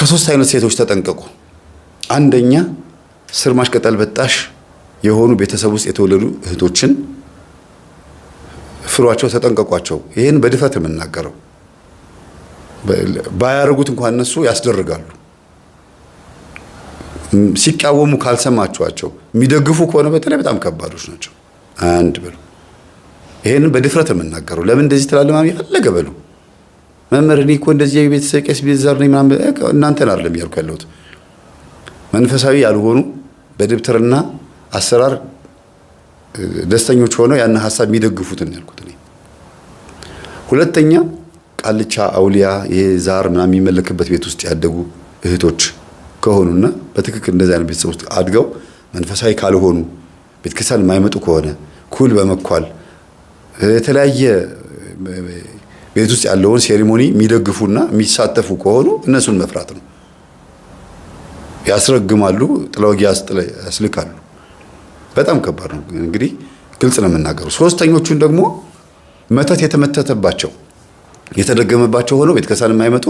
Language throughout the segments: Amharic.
ከሶስት አይነት ሴቶች ተጠንቀቁ። አንደኛ ስር ማሽቀጠል በጣሽ የሆኑ ቤተሰብ ውስጥ የተወለዱ እህቶችን ፍሯቸው፣ ተጠንቀቋቸው። ይህን በድፈት የምናገረው ባያደርጉት እንኳን እነሱ ያስደርጋሉ። ሲቃወሙ ካልሰማችኋቸው የሚደግፉ ከሆነ በተለይ በጣም ከባዶች ናቸው። አንድ በሉ። ይህንን በድፍረት የምናገረው ለምን እንደዚህ ትላለህ ማሚ? በሉ መምህር እኔ እኮ እንደዚህ የቤተሰብ ቄስ ቤዛር ነኝ ምናምን እናንተን አይደለም እያልኩ ያለሁት መንፈሳዊ ያልሆኑ በድብትርና አሰራር ደስተኞች ሆነው ያን ሀሳብ የሚደግፉትን ያልኩት እኔ። ሁለተኛ ቃልቻ አውሊያ ይሄ ዛር ምናምን የሚመለክበት ቤት ውስጥ ያደጉ እህቶች ከሆኑና በትክክል እንደዚህ አይነት ቤተሰብ ውስጥ አድገው መንፈሳዊ ካልሆኑ ቤተክርስቲያን የማይመጡ ከሆነ ኩል በመኳል የተለያየ ቤት ውስጥ ያለውን ሴሪሞኒ የሚደግፉና የሚሳተፉ ከሆኑ እነሱን መፍራት ነው። ያስረግማሉ፣ ጥለውጊ ያስልካሉ። በጣም ከባድ ነው። እንግዲህ ግልጽ ነው የምናገሩ። ሶስተኞቹን ደግሞ መተት የተመተተባቸው የተደገመባቸው ሆነው ቤተ የማይመጡ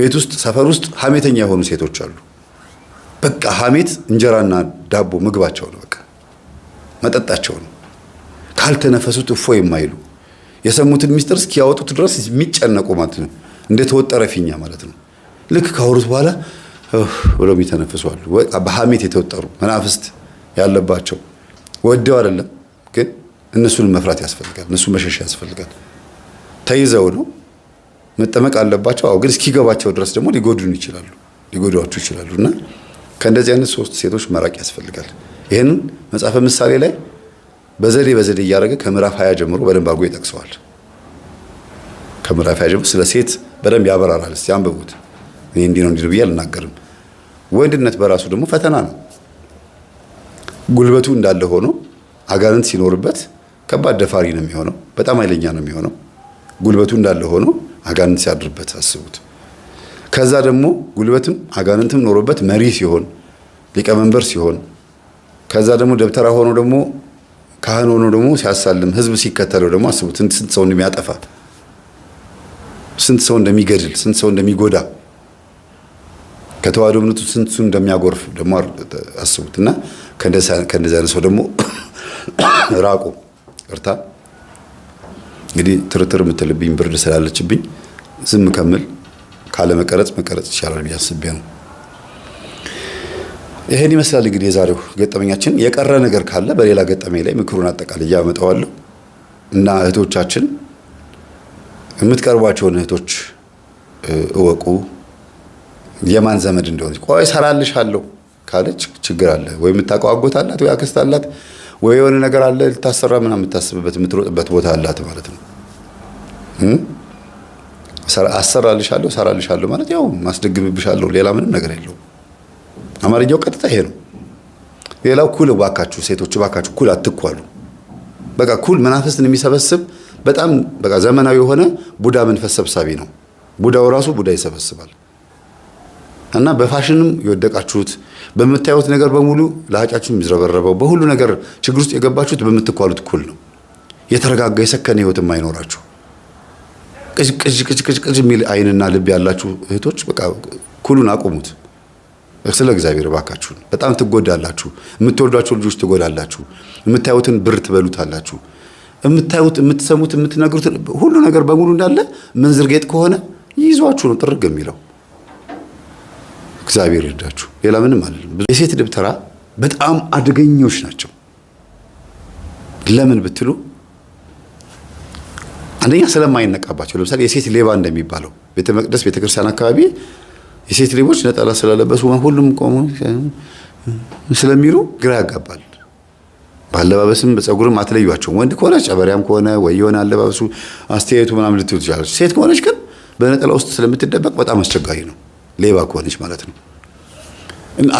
ቤት ውስጥ ሰፈር ውስጥ ሀሜተኛ የሆኑ ሴቶች አሉ። በቃ ሀሜት እንጀራና ዳቦ ምግባቸው ነው። በቃ መጠጣቸው ነው። ካልተነፈሱት እፎ የማይሉ የሰሙትን ሚስጥር እስኪያወጡት ድረስ የሚጨነቁ ማለት ነው። እንዴት ወጠረ ፊኛ ማለት ነው። ልክ ካወሩት በኋላ ብለው የሚተነፍሱ አሉ። በሐሜት የተወጠሩ መናፍስት ያለባቸው ወደው አይደለም፣ ግን እነሱን መፍራት ያስፈልጋል። እነሱን መሸሽ ያስፈልጋል። ተይዘው ነው መጠመቅ አለባቸው። አዎ፣ ግን እስኪገባቸው ድረስ ደግሞ ሊጎዱን ይችላሉ፣ ሊጎዷችሁ ይችላሉ እና ከእንደዚህ አይነት ሶስት ሴቶች መራቅ ያስፈልጋል። ይህንን መጽሐፈ ምሳሌ ላይ በዘዴ በዘዴ እያደረገ ከምዕራፍ ሀያ ጀምሮ በደንብ አድርጎ ይጠቅሰዋል። ከምዕራፍ ሀያ ጀምሮ ስለ ሴት በደንብ ያበራራል። እስቲ አንብቡት። እኔ እንዲህ ነው እንዲህ ብዬ አልናገርም። ወንድነት በራሱ ደግሞ ፈተና ነው። ጉልበቱ እንዳለ ሆኖ አጋንንት ሲኖርበት ከባድ ደፋሪ ነው የሚሆነው። በጣም ኃይለኛ ነው የሚሆነው። ጉልበቱ እንዳለ ሆኖ አጋንንት ሲያድርበት አስቡት። ከዛ ደግሞ ጉልበትም አጋንንትም ኖሮበት መሪ ሲሆን ሊቀመንበር ሲሆን ከዛ ደግሞ ደብተራ ሆኖ ደግሞ ካህን ሆኖ ደግሞ ሲያሳልም ህዝብ ሲከተለው ደግሞ አስቡት ስንት ሰው እንደሚያጠፋ፣ ስንት ሰው እንደሚገድል፣ ስንት ሰው እንደሚጎዳ ከተዋህዶ እምነቱ ስንት ሰው እንደሚያጎርፍ ደግሞ አስቡት እና ከእንደዚህ አይነት ሰው ደግሞ ራቁ። እርታ እንግዲህ ትርትር የምትልብኝ ብርድ ስላለችብኝ ዝም ከምል ካለ መቀረጽ መቀረጽ ይቻላል ብዬ አስቤ ነው። ይሄን ይመስላል እንግዲህ የዛሬው ገጠመኛችን። የቀረ ነገር ካለ በሌላ ገጠመኝ ላይ ምክሩን አጠቃልዬ አመጣዋለሁ እና እህቶቻችን የምትቀርቧቸውን እህቶች እወቁ የማን ዘመድ እንደሆነ። ቆይ ሰራልሻለሁ ካለች ችግር አለ ወይ የምታውቀው አጎት አላት ወይ አክስት አላት ወይ የሆነ ነገር አለ ልታሰራ ምናምን የምታስብበት የምትሮጥበት ቦታ አላት ማለት ነው። አሰራልሻለሁ ሰራልሻለሁ ማለት ያው ማስደግምብሻለሁ ሌላ ምንም ነገር የለውም። አማርኛው ይሄ ነው። ሌላው ኩል እባካችሁ ሴቶች እባካችሁ ኩል አትኳሉ። በቃ ኩል መናፍስትን የሚሰበስብ በጣም በቃ ዘመናዊ የሆነ ቡዳ መንፈስ ሰብሳቢ ነው። ቡዳው ራሱ ቡዳ ይሰበስባል። እና በፋሽንም የወደቃችሁት በምታዩት ነገር በሙሉ ለሀጫችሁ የሚዝረበረበው በሁሉ ነገር ችግር ውስጥ የገባችሁት በምትኳሉት ኩል ነው። የተረጋጋ የሰከነ ህይወትም አይኖራችሁ። ቅዥ ቅዥ ቅጅ ቅጅ የሚል አይንና ልብ ያላችሁ እህቶች በቃ ኩሉን አቁሙት። ስለ እግዚአብሔር እባካችሁ በጣም ትጎዳላችሁ። የምትወልዷቸው ልጆች ትጎዳላችሁ። የምታዩትን ብር ትበሉታላችሁ። የምታዩት፣ የምትሰሙት፣ የምትነግሩት ሁሉ ነገር በሙሉ እንዳለ ምንዝር ጌጥ ከሆነ ይዟችሁ ነው ጥርግ የሚለው። እግዚአብሔር ይርዳችሁ። ሌላ ምንም አለም። የሴት ድብተራ በጣም አደገኞች ናቸው። ለምን ብትሉ አንደኛ ስለማይነቃባቸው፣ ለምሳሌ የሴት ሌባ እንደሚባለው ቤተ መቅደስ ቤተክርስቲያን አካባቢ የሴት ሌቦች ነጠላ ስለለበሱ ሁሉም ቆሙ ስለሚሉ ግራ ያጋባል። በአለባበስም በፀጉርም አትለዩቸው ወንድ ከሆነ ጨበሪያም ከሆነ ወይ የሆነ አለባበሱ አስተያየቱ ምናምን ልትሉ ትችላለች። ሴት ከሆነች ግን በነጠላ ውስጥ ስለምትደበቅ በጣም አስቸጋሪ ነው፣ ሌባ ከሆነች ማለት ነው።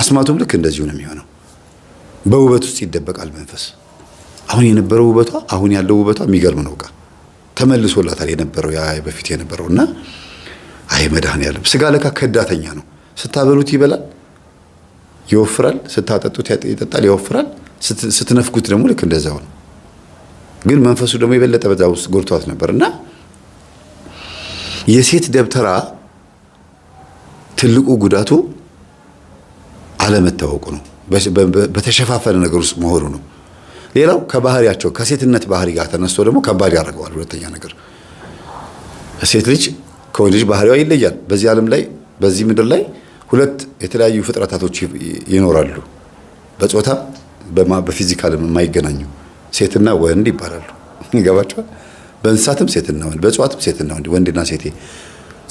አስማቱም ልክ እንደዚሁ ነው የሚሆነው። በውበት ውስጥ ይደበቃል መንፈስ። አሁን የነበረው ውበቷ አሁን ያለው ውበቷ የሚገርም ነው። በቃ ተመልሶላታል የነበረው ያ በፊት የነበረው እና አይ መድኃኔዓለም ስጋ ለካ ከዳተኛ ነው። ስታበሉት ይበላል ይወፍራል፣ ስታጠጡት ይጠጣል ይወፍራል፣ ስትነፍኩት ደግሞ ልክ እንደዛው ነው። ግን መንፈሱ ደግሞ የበለጠ በዛ ውስጥ ጎድቷት ነበር እና የሴት ደብተራ ትልቁ ጉዳቱ አለመታወቁ ነው። በተሸፋፈነ ነገር ውስጥ መሆኑ ነው። ሌላው ከባህሪያቸው ከሴትነት ባህሪ ጋር ተነስቶ ደግሞ ከባድ ያደርገዋል። ሁለተኛ ነገር ሴት ልጅ ከወንድ ልጅ ባህሪዋ ይለያል። በዚህ ዓለም ላይ በዚህ ምድር ላይ ሁለት የተለያዩ ፍጥረታቶች ይኖራሉ። በጾታ በፊዚካል የማይገናኙ ሴትና ወንድ ይባላሉ። ይገባቸዋል። በእንስሳትም ሴትና ወንድ፣ በእጽዋትም ሴትና ወንድ፣ ወንድና ሴቴ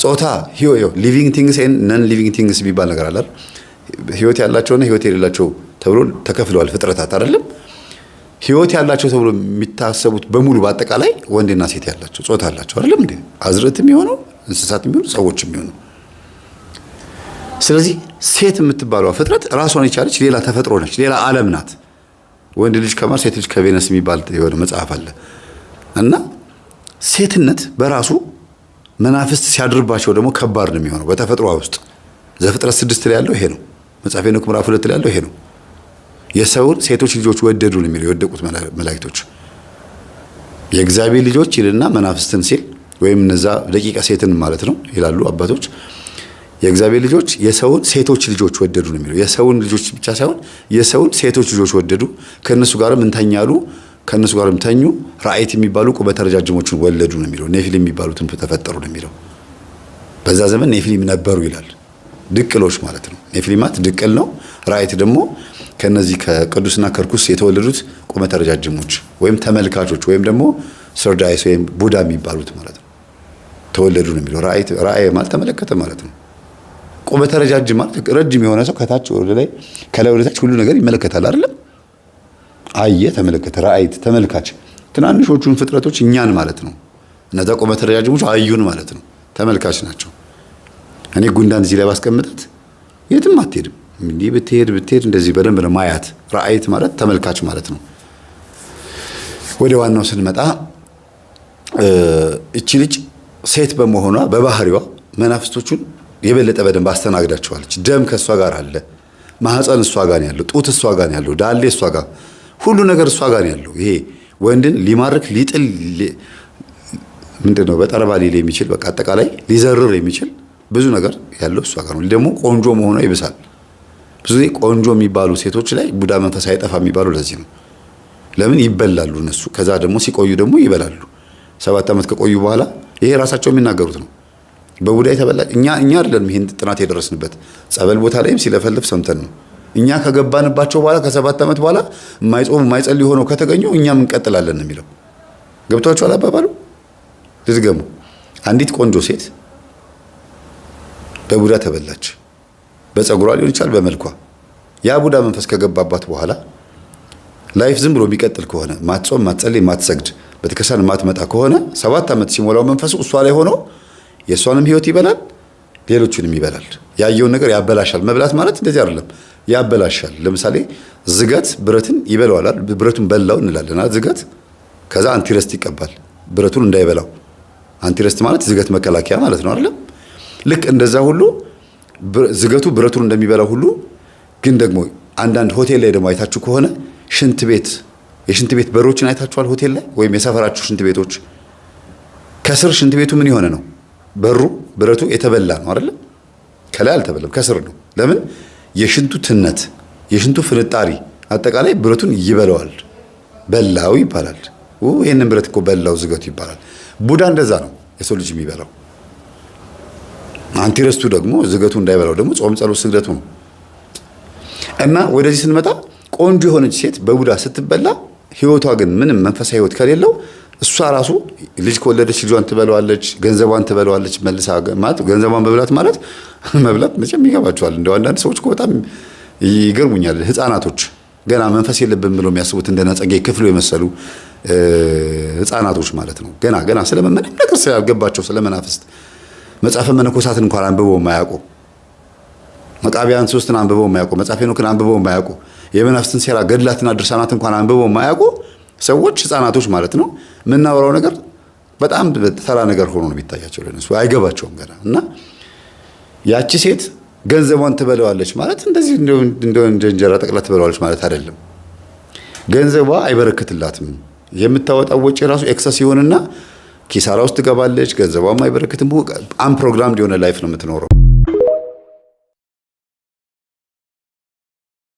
ጾታ ሂዮ ሊቪንግ ቲንግስ ኤን ነን ሊቪንግ ቲንግስ የሚባል ነገር አለ። ህይወት ያላቸውና ህይወት የሌላቸው ተብሎ ተከፍለዋል ፍጥረታት አይደለም። ህይወት ያላቸው ተብሎ የሚታሰቡት በሙሉ በአጠቃላይ ወንድና ሴት ያላቸው ጾታ አላቸው አይደለም እንዴ? አዝርዕትም የሆነው እንስሳት የሚሆኑ ሰዎች የሚሆኑ። ስለዚህ ሴት የምትባለው ፍጥረት ራሷን የቻለች ሌላ ተፈጥሮ ነች፣ ሌላ ዓለም ናት። ወንድ ልጅ ከማር ሴት ልጅ ከቬነስ የሚባል የሆነ መጽሐፍ አለ እና ሴትነት በራሱ መናፍስት ሲያድርባቸው ደግሞ ከባድ ነው የሚሆነው በተፈጥሮ ውስጥ ዘፍጥረት ስድስት ላይ ያለው ይሄ ነው። መጽሐፈ ሄኖክ ምዕራፍ ሁለት ላይ ያለው ይሄ ነው። የሰውን ሴቶች ልጆች ወደዱ ነው የሚለው የወደቁት መላእክቶች የእግዚአብሔር ልጆች ይልና መናፍስትን ሲል ወይም እነዛ ደቂቀ ሴትን ማለት ነው ይላሉ አባቶች። የእግዚአብሔር ልጆች የሰውን ሴቶች ልጆች ወደዱ ነው የሚለው። የሰውን ልጆች ብቻ ሳይሆን የሰውን ሴቶች ልጆች ወደዱ፣ ከእነሱ ጋርም እንተኛሉ፣ ከእነሱ ጋርም ተኙ። ራእይት የሚባሉ ቁመተ ረጃጅሞችን ወለዱ ነው የሚለው። ኔፊሊም የሚባሉትን ተፈጠሩ ነው የሚለው። በዛ ዘመን ኔፊሊም ነበሩ ይላል። ድቅሎች ማለት ነው። ኔፊሊማት ድቅል ነው። ራእይት ደግሞ ከነዚህ ከቅዱስና ከርኩስ የተወለዱት ቁመተ ረጃጅሞች ወይም ተመልካቾች ወይም ደግሞ ሰርዳይስ ወይም ቡዳ የሚባሉት ማለት ነው። ተወለዱ ነው የሚለው። ራእይ ማለት ተመለከተ ማለት ነው። ቁመተ ረጃጅም ማለት ረጅም የሆነ ሰው ከታች ወደ ላይ ከላይ ወደ ታች ሁሉ ነገር ይመለከታል አይደለም። አየ ተመለከተ፣ ራእይት ተመልካች። ትናንሾቹን ፍጥረቶች እኛን ማለት ነው። እነዛ ቁመተ ረጃጅሞች አዩን ማለት ነው፣ ተመልካች ናቸው። እኔ ጉንዳን እዚህ ላይ ባስቀምጣት የትም አትሄድም። እንዲህ ብትሄድ ብትሄድ እንደዚህ በደንብ ነው ማያት። ራእይት ማለት ተመልካች ማለት ነው። ወደ ዋናው ስንመጣ እቺ ልጅ ሴት በመሆኗ በባህሪዋ መናፍስቶቹን የበለጠ በደንብ አስተናግዳቸዋለች። ደም ከእሷ ጋር አለ። ማህፀን እሷ ጋር ያለው፣ ጡት እሷ ጋር ያለው፣ ዳሌ እሷ ጋር፣ ሁሉ ነገር እሷ ጋር ያለው። ይሄ ወንድን ሊማርክ ሊጥል ምንድነው በጠረባ ሊል የሚችል በቃ አጠቃላይ ሊዘርር የሚችል ብዙ ነገር ያለው እሷ ጋር ነው። ደግሞ ቆንጆ መሆኗ ይብሳል። ብዙ ጊዜ ቆንጆ የሚባሉ ሴቶች ላይ ቡዳ መንፈስ አይጠፋ የሚባሉ ለዚህ ነው። ለምን ይበላሉ እነሱ። ከዛ ደግሞ ሲቆዩ ደግሞ ይበላሉ። ሰባት ዓመት ከቆዩ በኋላ ይሄ ራሳቸው የሚናገሩት ነው። በቡዳይ ተበላች። እኛ እኛ አይደለም ይሄን ጥናት የደረስንበት ጸበል ቦታ ላይም ሲለፈልፍ ሰምተን ነው። እኛ ከገባንባቸው በኋላ ከሰባት ዓመት በኋላ የማይጾም የማይጸል ሆነው ከተገኙ እኛም እንቀጥላለን የሚለው ገብቷቸው አላባባሉ ልትገሙ። አንዲት ቆንጆ ሴት በቡዳ ተበላች። በጸጉሯ ሊሆን ይችላል፣ በመልኳ ያ ቡዳ መንፈስ ከገባባት በኋላ ላይፍ ዝም ብሎ የሚቀጥል ከሆነ ማትጾም፣ ማትጸልይ፣ ማትሰግድ በተከሳን ማትመጣ ከሆነ ሰባት ዓመት ሲሞላው መንፈሱ እሷ ላይ ሆኖ የእሷንም ህይወት ይበላል፣ ሌሎቹንም ይበላል። ያየውን ነገር ያበላሻል። መብላት ማለት እንደዚህ አይደለም፣ ያበላሻል። ለምሳሌ ዝገት ብረትን ይበላዋል። ብረቱን በላው እንላለን ዝገት ከዛ አንቲረስት ይቀባል ብረቱን እንዳይበላው። አንቲረስት ማለት ዝገት መከላከያ ማለት ነው አይደለም? ልክ እንደዛ ሁሉ ዝገቱ ብረቱን እንደሚበላው ሁሉ ግን ደግሞ አንዳንድ ሆቴል ላይ ደግሞ አይታችሁ ከሆነ ሽንት ቤት የሽንት ቤት በሮችን አይታችኋል ሆቴል ላይ ወይም የሰፈራችሁ ሽንት ቤቶች ከስር ሽንት ቤቱ ምን የሆነ ነው በሩ ብረቱ የተበላ ነው አይደለ ከላይ አልተበላም ከስር ነው ለምን የሽንቱ ትነት የሽንቱ ፍንጣሪ አጠቃላይ ብረቱን ይበለዋል በላው ይባላል ይህንን ብረት እኮ በላው ዝገቱ ይባላል ቡዳ እንደዛ ነው የሰው ልጅ የሚበላው አንቲረስቱ ደግሞ ዝገቱ እንዳይበላው ደግሞ ጾም ጸሎት ስግደቱ ነው እና ወደዚህ ስንመጣ ቆንጆ የሆነች ሴት በቡዳ ስትበላ ህይወቷ ግን ምንም መንፈሳዊ ህይወት ከሌለው እሷ ራሱ ልጅ ከወለደች ልጇን ትበለዋለች፣ ገንዘቧን ትበለዋለች። መልሳ ማለት ገንዘቧን መብላት ማለት መብላት መቼም ይገባቸዋል። እንደው አንዳንድ ሰዎች በጣም ይገርሙኛል። ህፃናቶች ገና መንፈስ የለብን ብለው የሚያስቡት እንደ ጸጋዬ ክፍሉ የመሰሉ ህፃናቶች ማለት ነው። ገና ገና ስለምንም ነገር ስላልገባቸው ስለመናፍስት መጽሐፈ መነኮሳትን እንኳን አንብበው ማያውቁ መቃቢያን ሶስትን አንብበው ማያውቁ መጽሐፈ ሄኖክን አንብበው ማያውቁ የመናፍስትን ሴራ ገድላትና ድርሳናት እንኳን አንብበው የማያውቁ ሰዎች ህፃናቶች ማለት ነው የምናወራው ነገር በጣም ተራ ነገር ሆኖ ነው የሚታያቸው። ለነሱ አይገባቸውም ገና እና ያቺ ሴት ገንዘቧን ትበለዋለች ማለት እንደዚህ እንደ እንጀራ ጠቅላ ትበለዋለች ማለት አይደለም። ገንዘቧ አይበረክትላትም። የምታወጣው ወጪ ራሱ ኤክሰስ ይሆንና ኪሳራ ውስጥ ትገባለች። ገንዘቧም አይበረክትም። አንፕሮግራምድ የሆነ ላይፍ ነው የምትኖረው።